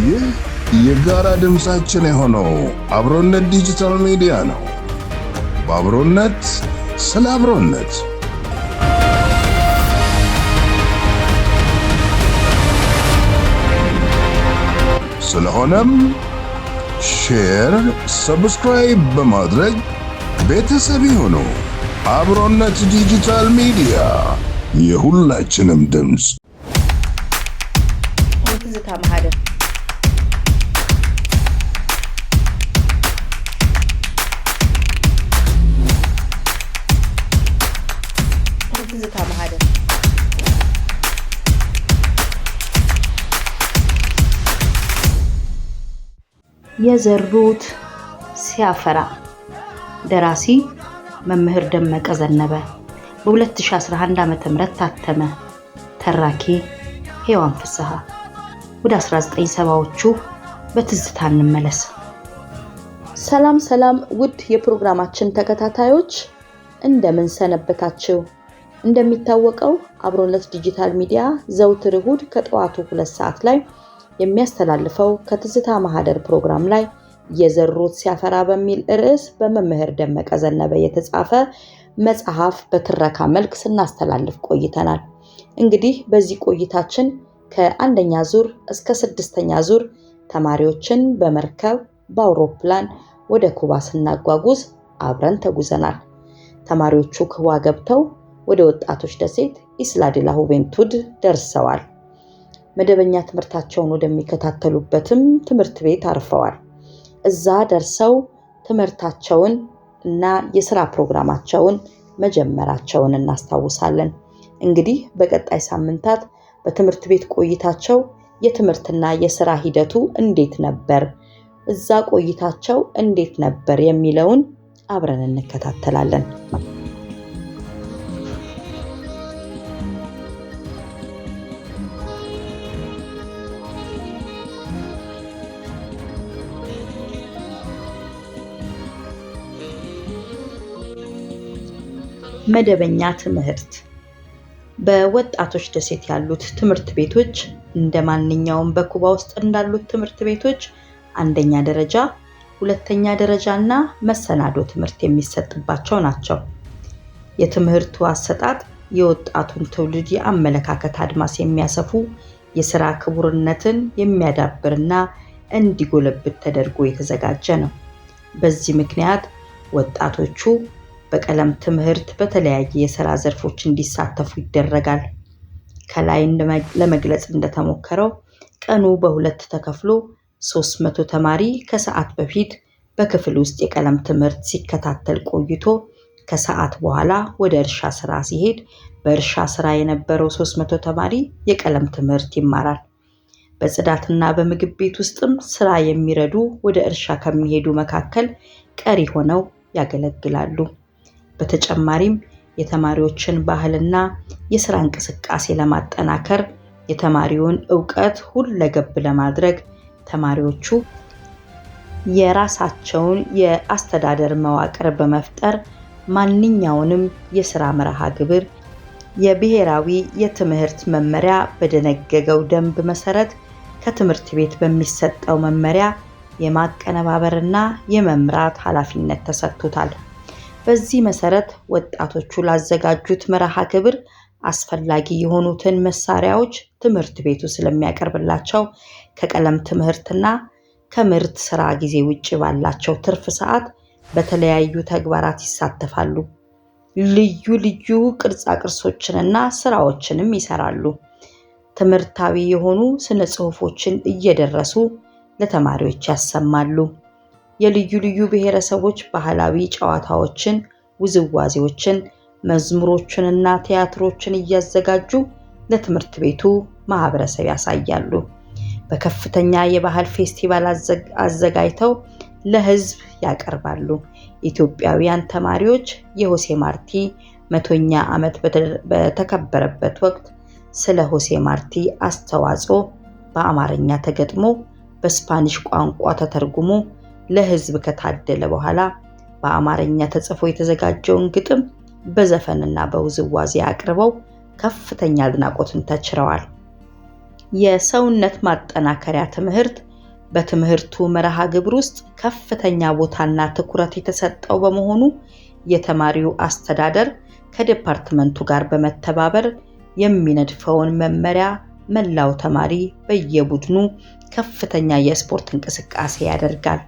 ይህ የጋራ ድምፃችን የሆነው አብሮነት ዲጂታል ሚዲያ ነው። በአብሮነት ስለ አብሮነት ስለሆነም ሼር፣ ሰብስክራይብ በማድረግ ቤተሰብ ይሁኑ። አብሮነት ዲጂታል ሚዲያ የሁላችንም ድምፅ የዘሩት ሲያፈራ ደራሲ መምህር ደመቀ ዘነበ በ2011 ዓ.ም ታተመ። ተራኪ ሔዋን ፍስሐ። ወደ 1970ዎቹ በትዝታ እንመለስ። ሰላም ሰላም! ውድ የፕሮግራማችን ተከታታዮች እንደምን ሰነበታችው እንደሚታወቀው አብሮነት ዲጂታል ሚዲያ ዘውትር እሁድ ከጠዋቱ ሁለት ሰዓት ላይ የሚያስተላልፈው ከትዝታ ማህደር ፕሮግራም ላይ የዘሩት ሲያፈራ በሚል ርዕስ በመምህር ደመቀ ዘነበ የተጻፈ መጽሐፍ በትረካ መልክ ስናስተላልፍ ቆይተናል። እንግዲህ በዚህ ቆይታችን ከአንደኛ ዙር እስከ ስድስተኛ ዙር ተማሪዎችን በመርከብ በአውሮፕላን ወደ ኩባ ስናጓጉዝ አብረን ተጉዘናል። ተማሪዎቹ ኩባ ገብተው ወደ ወጣቶች ደሴት ኢስላ ዲ ሁቬንቱድ ደርሰዋል። መደበኛ ትምህርታቸውን ወደሚከታተሉበትም ትምህርት ቤት አርፈዋል። እዛ ደርሰው ትምህርታቸውን እና የስራ ፕሮግራማቸውን መጀመራቸውን እናስታውሳለን። እንግዲህ በቀጣይ ሳምንታት በትምህርት ቤት ቆይታቸው የትምህርትና የስራ ሂደቱ እንዴት ነበር፣ እዛ ቆይታቸው እንዴት ነበር የሚለውን አብረን እንከታተላለን። መደበኛ ትምህርት በወጣቶች ደሴት ያሉት ትምህርት ቤቶች እንደ ማንኛውም በኩባ ውስጥ እንዳሉት ትምህርት ቤቶች አንደኛ ደረጃ፣ ሁለተኛ ደረጃ እና መሰናዶ ትምህርት የሚሰጥባቸው ናቸው። የትምህርቱ አሰጣጥ የወጣቱን ትውልድ የአመለካከት አድማስ የሚያሰፉ የስራ ክቡርነትን የሚያዳብርና እንዲጎለብት ተደርጎ የተዘጋጀ ነው። በዚህ ምክንያት ወጣቶቹ በቀለም ትምህርት በተለያየ የስራ ዘርፎች እንዲሳተፉ ይደረጋል። ከላይ ለመግለጽ እንደተሞከረው ቀኑ በሁለት ተከፍሎ 300 ተማሪ ከሰዓት በፊት በክፍል ውስጥ የቀለም ትምህርት ሲከታተል ቆይቶ ከሰዓት በኋላ ወደ እርሻ ስራ ሲሄድ በእርሻ ስራ የነበረው 300 ተማሪ የቀለም ትምህርት ይማራል። በጽዳትና በምግብ ቤት ውስጥም ስራ የሚረዱ ወደ እርሻ ከሚሄዱ መካከል ቀሪ ሆነው ያገለግላሉ። በተጨማሪም የተማሪዎችን ባህልና የስራ እንቅስቃሴ ለማጠናከር የተማሪውን እውቀት ሁለገብ ለማድረግ ተማሪዎቹ የራሳቸውን የአስተዳደር መዋቅር በመፍጠር ማንኛውንም የስራ መርሃ ግብር የብሔራዊ የትምህርት መመሪያ በደነገገው ደንብ መሰረት ከትምህርት ቤት በሚሰጠው መመሪያ የማቀነባበርና የመምራት ኃላፊነት ተሰጥቶታል። በዚህ መሰረት ወጣቶቹ ላዘጋጁት መርሃ ግብር አስፈላጊ የሆኑትን መሳሪያዎች ትምህርት ቤቱ ስለሚያቀርብላቸው ከቀለም ትምህርትና ከምርት ስራ ጊዜ ውጭ ባላቸው ትርፍ ሰዓት በተለያዩ ተግባራት ይሳተፋሉ። ልዩ ልዩ ቅርጻ ቅርሶችንና ስራዎችንም ይሰራሉ። ትምህርታዊ የሆኑ ስነ ጽሁፎችን እየደረሱ ለተማሪዎች ያሰማሉ። የልዩ ልዩ ብሔረሰቦች ባህላዊ ጨዋታዎችን፣ ውዝዋዜዎችን፣ መዝሙሮችንና ቲያትሮችን እያዘጋጁ ለትምህርት ቤቱ ማህበረሰብ ያሳያሉ። በከፍተኛ የባህል ፌስቲቫል አዘጋጅተው ለህዝብ ያቀርባሉ። ኢትዮጵያውያን ተማሪዎች የሆሴ ማርቲ መቶኛ ዓመት በተከበረበት ወቅት ስለ ሆሴ ማርቲ አስተዋጽኦ በአማርኛ ተገጥሞ በስፓኒሽ ቋንቋ ተተርጉሞ ለህዝብ ከታደለ በኋላ በአማርኛ ተጽፎ የተዘጋጀውን ግጥም በዘፈንና በውዝዋዜ አቅርበው ከፍተኛ አድናቆትን ተችረዋል። የሰውነት ማጠናከሪያ ትምህርት በትምህርቱ መርሃ ግብር ውስጥ ከፍተኛ ቦታና ትኩረት የተሰጠው በመሆኑ የተማሪው አስተዳደር ከዲፓርትመንቱ ጋር በመተባበር የሚነድፈውን መመሪያ መላው ተማሪ በየቡድኑ ከፍተኛ የስፖርት እንቅስቃሴ ያደርጋል።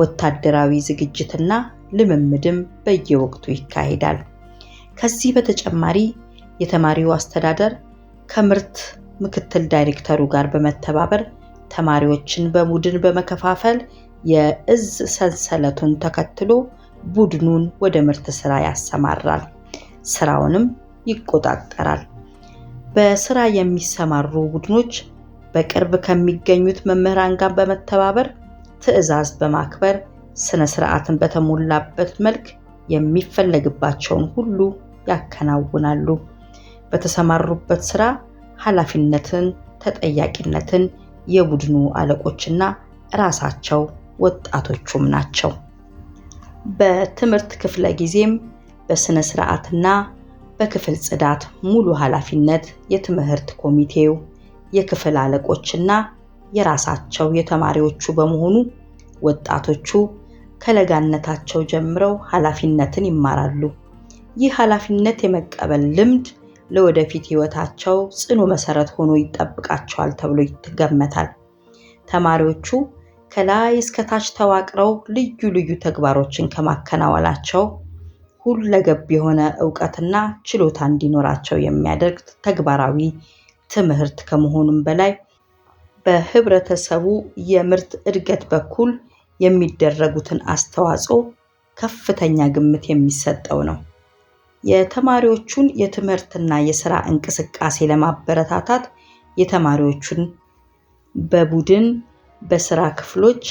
ወታደራዊ ዝግጅትና ልምምድም በየወቅቱ ይካሄዳል። ከዚህ በተጨማሪ የተማሪው አስተዳደር ከምርት ምክትል ዳይሬክተሩ ጋር በመተባበር ተማሪዎችን በቡድን በመከፋፈል የእዝ ሰንሰለቱን ተከትሎ ቡድኑን ወደ ምርት ስራ ያሰማራል፣ ስራውንም ይቆጣጠራል። በስራ የሚሰማሩ ቡድኖች በቅርብ ከሚገኙት መምህራን ጋር በመተባበር ትዕዛዝ በማክበር ስነ ስርዓትን በተሞላበት መልክ የሚፈለግባቸውን ሁሉ ያከናውናሉ። በተሰማሩበት ስራ ኃላፊነትን፣ ተጠያቂነትን የቡድኑ አለቆችና ራሳቸው ወጣቶቹም ናቸው። በትምህርት ክፍለ ጊዜም በስነ ስርዓትና በክፍል ጽዳት ሙሉ ኃላፊነት የትምህርት ኮሚቴው፣ የክፍል አለቆችና የራሳቸው የተማሪዎቹ በመሆኑ ወጣቶቹ ከለጋነታቸው ጀምረው ኃላፊነትን ይማራሉ። ይህ ኃላፊነት የመቀበል ልምድ ለወደፊት ሕይወታቸው ጽኑ መሰረት ሆኖ ይጠብቃቸዋል ተብሎ ይገመታል። ተማሪዎቹ ከላይ እስከታች ተዋቅረው ልዩ ልዩ ተግባሮችን ከማከናወናቸው ሁለገብ የሆነ እውቀትና ችሎታ እንዲኖራቸው የሚያደርግ ተግባራዊ ትምህርት ከመሆኑም በላይ በህብረተሰቡ የምርት እድገት በኩል የሚደረጉትን አስተዋጽኦ ከፍተኛ ግምት የሚሰጠው ነው። የተማሪዎቹን የትምህርትና የስራ እንቅስቃሴ ለማበረታታት የተማሪዎቹን በቡድን በስራ ክፍሎች፣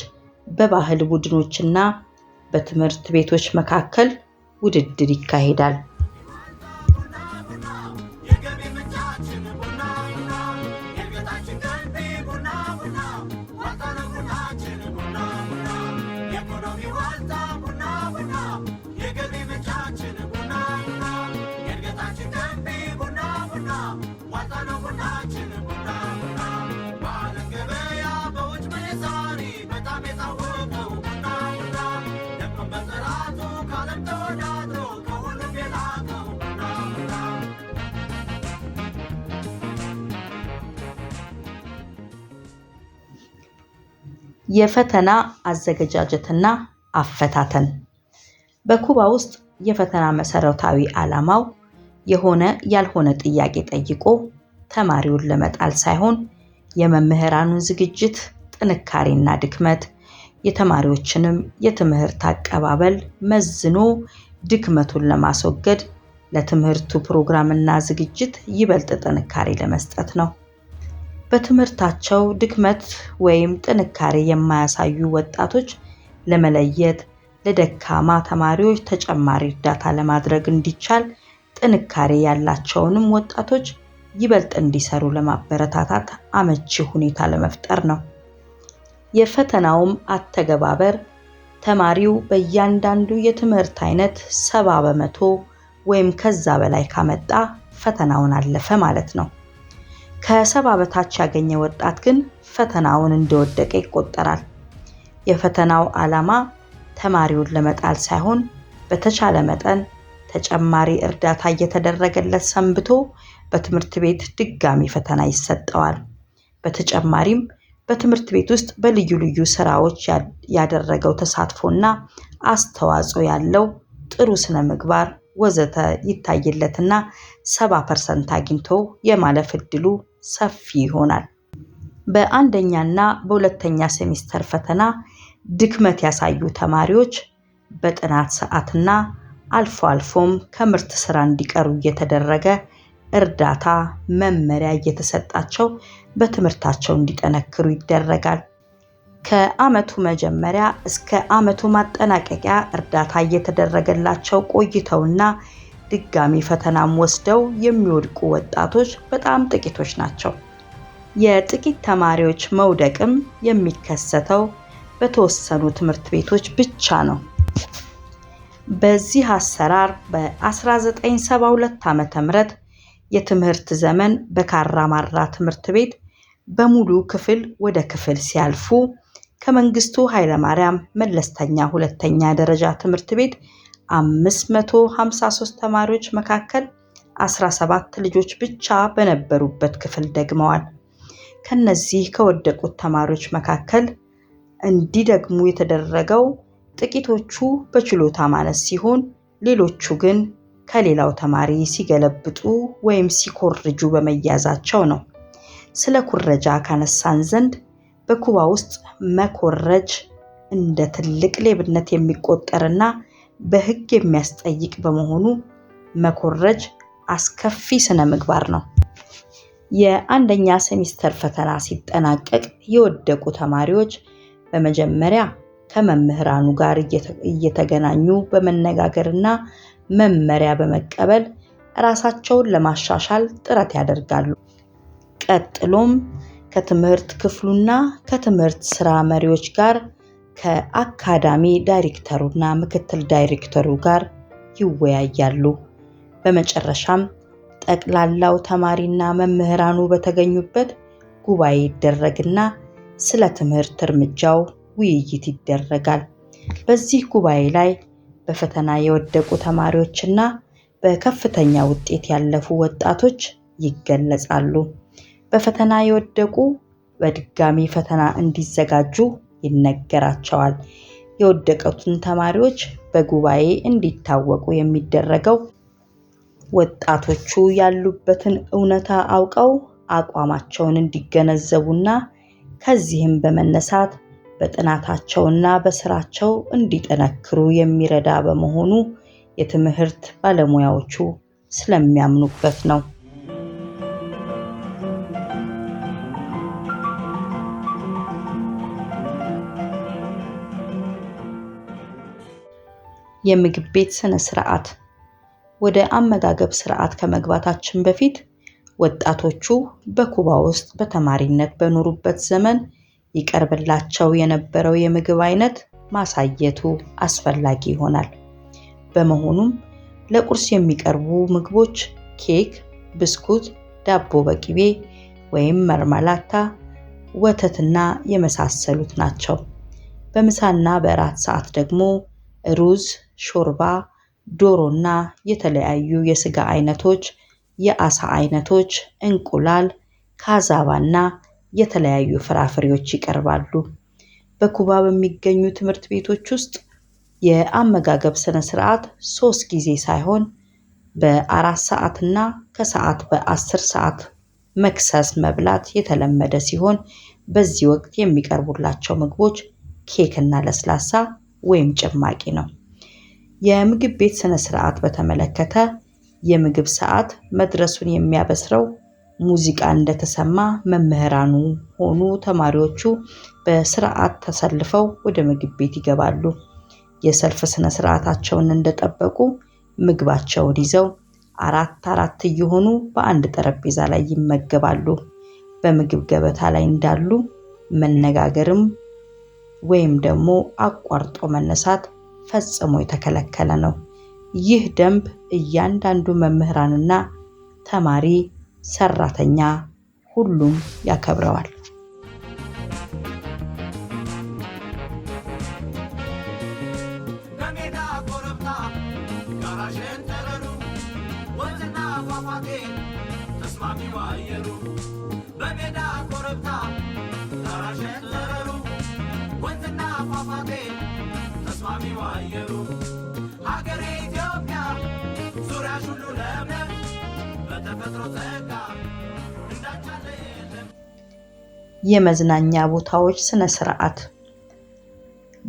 በባህል ቡድኖችና በትምህርት ቤቶች መካከል ውድድር ይካሄዳል። የፈተና አዘገጃጀትና አፈታተን በኩባ ውስጥ የፈተና መሰረታዊ ዓላማው የሆነ ያልሆነ ጥያቄ ጠይቆ ተማሪውን ለመጣል ሳይሆን የመምህራኑን ዝግጅት ጥንካሬና ድክመት፣ የተማሪዎችንም የትምህርት አቀባበል መዝኖ ድክመቱን ለማስወገድ ለትምህርቱ ፕሮግራምና ዝግጅት ይበልጥ ጥንካሬ ለመስጠት ነው። በትምህርታቸው ድክመት ወይም ጥንካሬ የማያሳዩ ወጣቶች ለመለየት ለደካማ ተማሪዎች ተጨማሪ እርዳታ ለማድረግ እንዲቻል ጥንካሬ ያላቸውንም ወጣቶች ይበልጥ እንዲሰሩ ለማበረታታት አመቺ ሁኔታ ለመፍጠር ነው። የፈተናውም አተገባበር ተማሪው በእያንዳንዱ የትምህርት አይነት ሰባ በመቶ ወይም ከዛ በላይ ካመጣ ፈተናውን አለፈ ማለት ነው። ከሰባ በታች ያገኘ ወጣት ግን ፈተናውን እንደወደቀ ይቆጠራል። የፈተናው ዓላማ ተማሪውን ለመጣል ሳይሆን በተቻለ መጠን ተጨማሪ እርዳታ እየተደረገለት ሰንብቶ በትምህርት ቤት ድጋሚ ፈተና ይሰጠዋል። በተጨማሪም በትምህርት ቤት ውስጥ በልዩ ልዩ ስራዎች ያደረገው ተሳትፎና አስተዋጽኦ ያለው ጥሩ ስነ ምግባር ወዘተ ይታይለትና ሰባ ፐርሰንት አግኝቶ የማለፍ እድሉ ሰፊ ይሆናል። በአንደኛና በሁለተኛ ሴሚስተር ፈተና ድክመት ያሳዩ ተማሪዎች በጥናት ሰዓትና አልፎ አልፎም ከምርት ስራ እንዲቀሩ እየተደረገ እርዳታ መመሪያ እየተሰጣቸው በትምህርታቸው እንዲጠነክሩ ይደረጋል። ከዓመቱ መጀመሪያ እስከ ዓመቱ ማጠናቀቂያ እርዳታ እየተደረገላቸው ቆይተውና ድጋሚ ፈተናም ወስደው የሚወድቁ ወጣቶች በጣም ጥቂቶች ናቸው። የጥቂት ተማሪዎች መውደቅም የሚከሰተው በተወሰኑ ትምህርት ቤቶች ብቻ ነው። በዚህ አሰራር በ1972 ዓ ም የትምህርት ዘመን በካራማራ ትምህርት ቤት በሙሉ ክፍል ወደ ክፍል ሲያልፉ ከመንግስቱ ኃይለማርያም መለስተኛ ሁለተኛ ደረጃ ትምህርት ቤት 553 ተማሪዎች መካከል 17 ልጆች ብቻ በነበሩበት ክፍል ደግመዋል። ከነዚህ ከወደቁት ተማሪዎች መካከል እንዲደግሙ የተደረገው ጥቂቶቹ በችሎታ ማነስ ሲሆን፣ ሌሎቹ ግን ከሌላው ተማሪ ሲገለብጡ ወይም ሲኮርጁ በመያዛቸው ነው። ስለ ኩረጃ ካነሳን ዘንድ በኩባ ውስጥ መኮረጅ እንደ ትልቅ ሌብነት የሚቆጠርና በሕግ የሚያስጠይቅ በመሆኑ መኮረጅ አስከፊ ስነ ምግባር ነው። የአንደኛ ሴሚስተር ፈተና ሲጠናቀቅ የወደቁ ተማሪዎች በመጀመሪያ ከመምህራኑ ጋር እየተገናኙ በመነጋገርና መመሪያ በመቀበል ራሳቸውን ለማሻሻል ጥረት ያደርጋሉ። ቀጥሎም ከትምህርት ክፍሉና ከትምህርት ስራ መሪዎች ጋር ከአካዳሚ ዳይሬክተሩና ምክትል ዳይሬክተሩ ጋር ይወያያሉ። በመጨረሻም ጠቅላላው ተማሪና መምህራኑ በተገኙበት ጉባኤ ይደረግና ስለ ትምህርት እርምጃው ውይይት ይደረጋል። በዚህ ጉባኤ ላይ በፈተና የወደቁ ተማሪዎችና በከፍተኛ ውጤት ያለፉ ወጣቶች ይገለጻሉ። በፈተና የወደቁ በድጋሚ ፈተና እንዲዘጋጁ ይነገራቸዋል። የወደቀቱን ተማሪዎች በጉባኤ እንዲታወቁ የሚደረገው ወጣቶቹ ያሉበትን እውነታ አውቀው አቋማቸውን እንዲገነዘቡና ከዚህም በመነሳት በጥናታቸውና በስራቸው እንዲጠነክሩ የሚረዳ በመሆኑ የትምህርት ባለሙያዎቹ ስለሚያምኑበት ነው። የምግብ ቤት ስነ ስርዓት ወደ አመጋገብ ስርዓት ከመግባታችን በፊት ወጣቶቹ በኩባ ውስጥ በተማሪነት በኖሩበት ዘመን ይቀርብላቸው የነበረው የምግብ አይነት ማሳየቱ አስፈላጊ ይሆናል። በመሆኑም ለቁርስ የሚቀርቡ ምግቦች ኬክ፣ ብስኩት፣ ዳቦ በቅቤ ወይም መርማላታ፣ ወተትና የመሳሰሉት ናቸው። በምሳና በእራት ሰዓት ደግሞ ሩዝ፣ ሾርባ፣ እና የተለያዩ የስጋ አይነቶች፣ የአሳ አይነቶች፣ እንቁላል፣ ካዛባ እና የተለያዩ ፍራፍሬዎች ይቀርባሉ። በኩባ በሚገኙ ትምህርት ቤቶች ውስጥ የአመጋገብ ስነ ስርዓት ሶስት ጊዜ ሳይሆን በአራት ሰዓት እና ከሰዓት በአስር ሰዓት መክሰስ መብላት የተለመደ ሲሆን በዚህ ወቅት የሚቀርቡላቸው ምግቦች ኬክ እና ለስላሳ ወይም ጭማቂ ነው። የምግብ ቤት ስነ ስርዓት በተመለከተ የምግብ ሰዓት መድረሱን የሚያበስረው ሙዚቃ እንደተሰማ መምህራኑ ሆኑ ተማሪዎቹ በስርዓት ተሰልፈው ወደ ምግብ ቤት ይገባሉ። የሰልፍ ስነ ስርዓታቸውን እንደጠበቁ ምግባቸውን ይዘው አራት አራት እየሆኑ በአንድ ጠረጴዛ ላይ ይመገባሉ። በምግብ ገበታ ላይ እንዳሉ መነጋገርም ወይም ደግሞ አቋርጦ መነሳት ፈጽሞ የተከለከለ ነው። ይህ ደንብ እያንዳንዱ መምህራንና ተማሪ፣ ሰራተኛ ሁሉም ያከብረዋል። ተስማሚው አየሩ የመዝናኛ ቦታዎች ስነ ስርዓት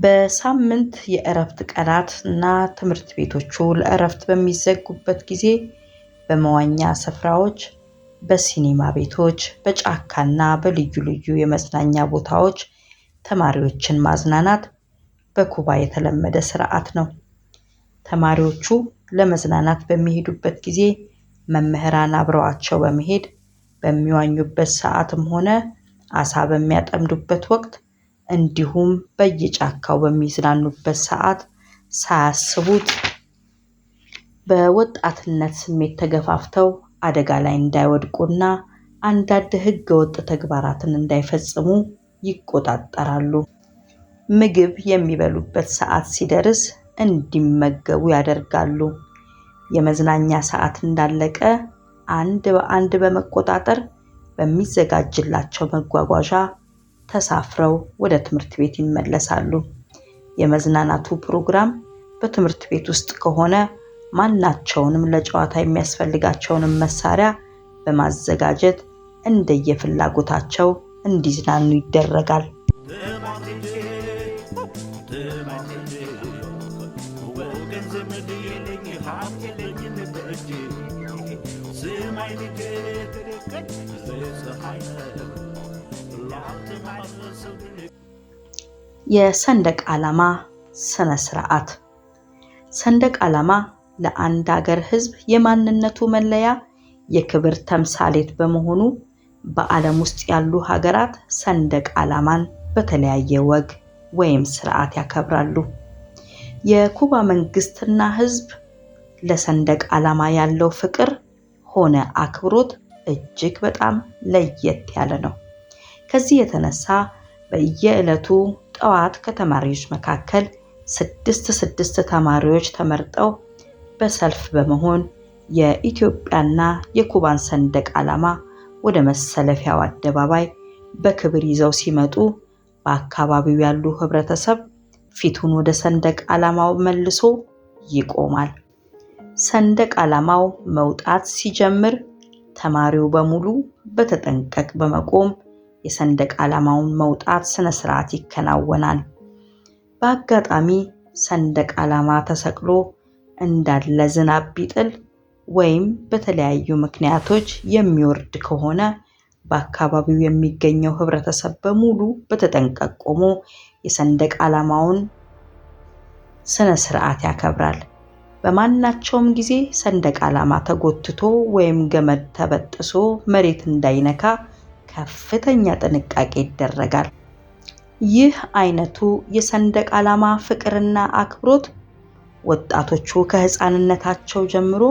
በሳምንት የእረፍት ቀናት እና ትምህርት ቤቶቹ ለእረፍት በሚዘጉበት ጊዜ በመዋኛ ስፍራዎች፣ በሲኒማ ቤቶች፣ በጫካና በልዩ ልዩ የመዝናኛ ቦታዎች ተማሪዎችን ማዝናናት በኩባ የተለመደ ስርዓት ነው። ተማሪዎቹ ለመዝናናት በሚሄዱበት ጊዜ መምህራን አብረዋቸው በመሄድ በሚዋኙበት ሰዓትም ሆነ አሳ በሚያጠምዱበት ወቅት እንዲሁም በየጫካው በሚዝናኑበት ሰዓት ሳያስቡት በወጣትነት ስሜት ተገፋፍተው አደጋ ላይ እንዳይወድቁና አንዳንድ ሕገ ወጥ ተግባራትን እንዳይፈጽሙ ይቆጣጠራሉ። ምግብ የሚበሉበት ሰዓት ሲደርስ እንዲመገቡ ያደርጋሉ። የመዝናኛ ሰዓት እንዳለቀ አንድ በአንድ በመቆጣጠር በሚዘጋጅላቸው መጓጓዣ ተሳፍረው ወደ ትምህርት ቤት ይመለሳሉ። የመዝናናቱ ፕሮግራም በትምህርት ቤት ውስጥ ከሆነ ማናቸውንም ለጨዋታ የሚያስፈልጋቸውንም መሳሪያ በማዘጋጀት እንደየፍላጎታቸው እንዲዝናኑ ይደረጋል። የሰንደቅ ዓላማ ስነ ስርዓት። ሰንደቅ ዓላማ ለአንድ አገር ሕዝብ የማንነቱ መለያ፣ የክብር ተምሳሌት በመሆኑ በዓለም ውስጥ ያሉ ሀገራት ሰንደቅ ዓላማን በተለያየ ወግ ወይም ስርዓት ያከብራሉ። የኩባ መንግስትና ሕዝብ ለሰንደቅ ዓላማ ያለው ፍቅር ሆነ አክብሮት እጅግ በጣም ለየት ያለ ነው። ከዚህ የተነሳ በየዕለቱ ጠዋት ከተማሪዎች መካከል ስድስት ስድስት ተማሪዎች ተመርጠው በሰልፍ በመሆን የኢትዮጵያና የኩባን ሰንደቅ ዓላማ ወደ መሰለፊያው አደባባይ በክብር ይዘው ሲመጡ በአካባቢው ያሉ ህብረተሰብ ፊቱን ወደ ሰንደቅ ዓላማው መልሶ ይቆማል። ሰንደቅ ዓላማው መውጣት ሲጀምር ተማሪው በሙሉ በተጠንቀቅ በመቆም የሰንደቅ ዓላማውን መውጣት ስነ ስርዓት ይከናወናል። በአጋጣሚ ሰንደቅ ዓላማ ተሰቅሎ እንዳለ ዝናብ ቢጥል ወይም በተለያዩ ምክንያቶች የሚወርድ ከሆነ በአካባቢው የሚገኘው ህብረተሰብ በሙሉ በተጠንቀቅ ቆሞ የሰንደቅ ዓላማውን ስነ ስርዓት ያከብራል። በማናቸውም ጊዜ ሰንደቅ ዓላማ ተጎትቶ ወይም ገመድ ተበጥሶ መሬት እንዳይነካ ከፍተኛ ጥንቃቄ ይደረጋል። ይህ አይነቱ የሰንደቅ ዓላማ ፍቅርና አክብሮት ወጣቶቹ ከህፃንነታቸው ጀምሮ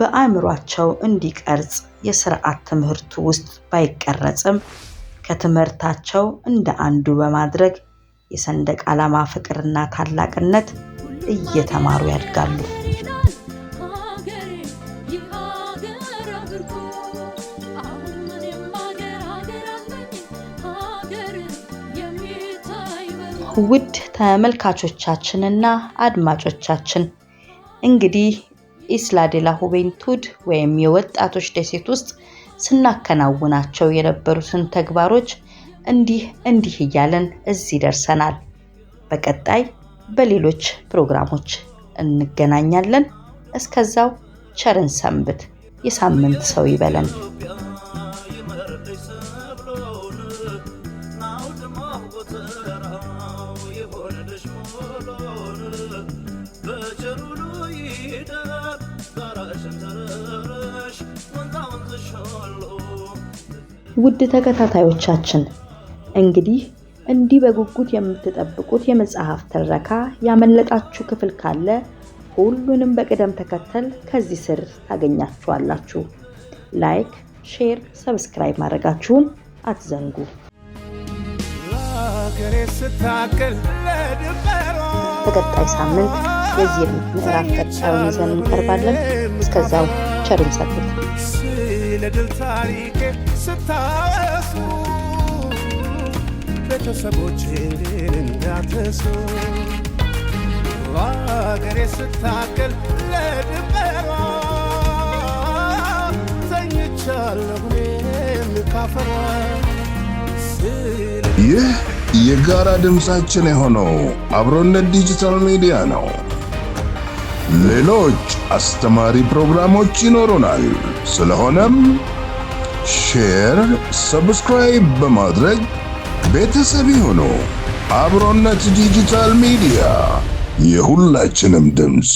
በአእምሯቸው እንዲቀርጽ የስርዓት ትምህርቱ ውስጥ ባይቀረጽም ከትምህርታቸው እንደ አንዱ በማድረግ የሰንደቅ ዓላማ ፍቅርና ታላቅነት እየተማሩ ያድጋሉ። ውድ ተመልካቾቻችንና አድማጮቻችን እንግዲህ ኢስላዴላ ሁቤንቱድ ወይም የወጣቶች ደሴት ውስጥ ስናከናውናቸው የነበሩትን ተግባሮች እንዲህ እንዲህ እያለን እዚህ ደርሰናል። በቀጣይ በሌሎች ፕሮግራሞች እንገናኛለን። እስከዛው ቸርን ሰንብት። የሳምንት ሰው ይበለን። ውድ ተከታታዮቻችን እንግዲህ እንዲህ በጉጉት የምትጠብቁት የመጽሐፍ ትረካ ያመለጣችሁ ክፍል ካለ ሁሉንም በቅደም ተከተል ከዚህ ስር ታገኛችኋላችሁ። ላይክ፣ ሼር፣ ሰብስክራይብ ማድረጋችሁን አትዘንጉ። በቀጣይ ሳምንት የዚህ ምዕራፍ ቀጣዩን ይዘን እንቀርባለን። እስከዛው ቸር ታሪክ ስታወሱ ቤተሰቦቼን እንዳትረሱ አገሬ ስታገል ለድንበሯ ተኝቻለሁ እኔም ይህ የጋራ ድምፃችን የሆነው አብሮነት ዲጂታል ሚዲያ ነው። ሌሎች አስተማሪ ፕሮግራሞች ይኖሩናል። ስለሆነም ሼር፣ ሰብስክራይብ በማድረግ ቤተሰብ ይሁኑ። አብሮነት ዲጂታል ሚዲያ የሁላችንም ድምፅ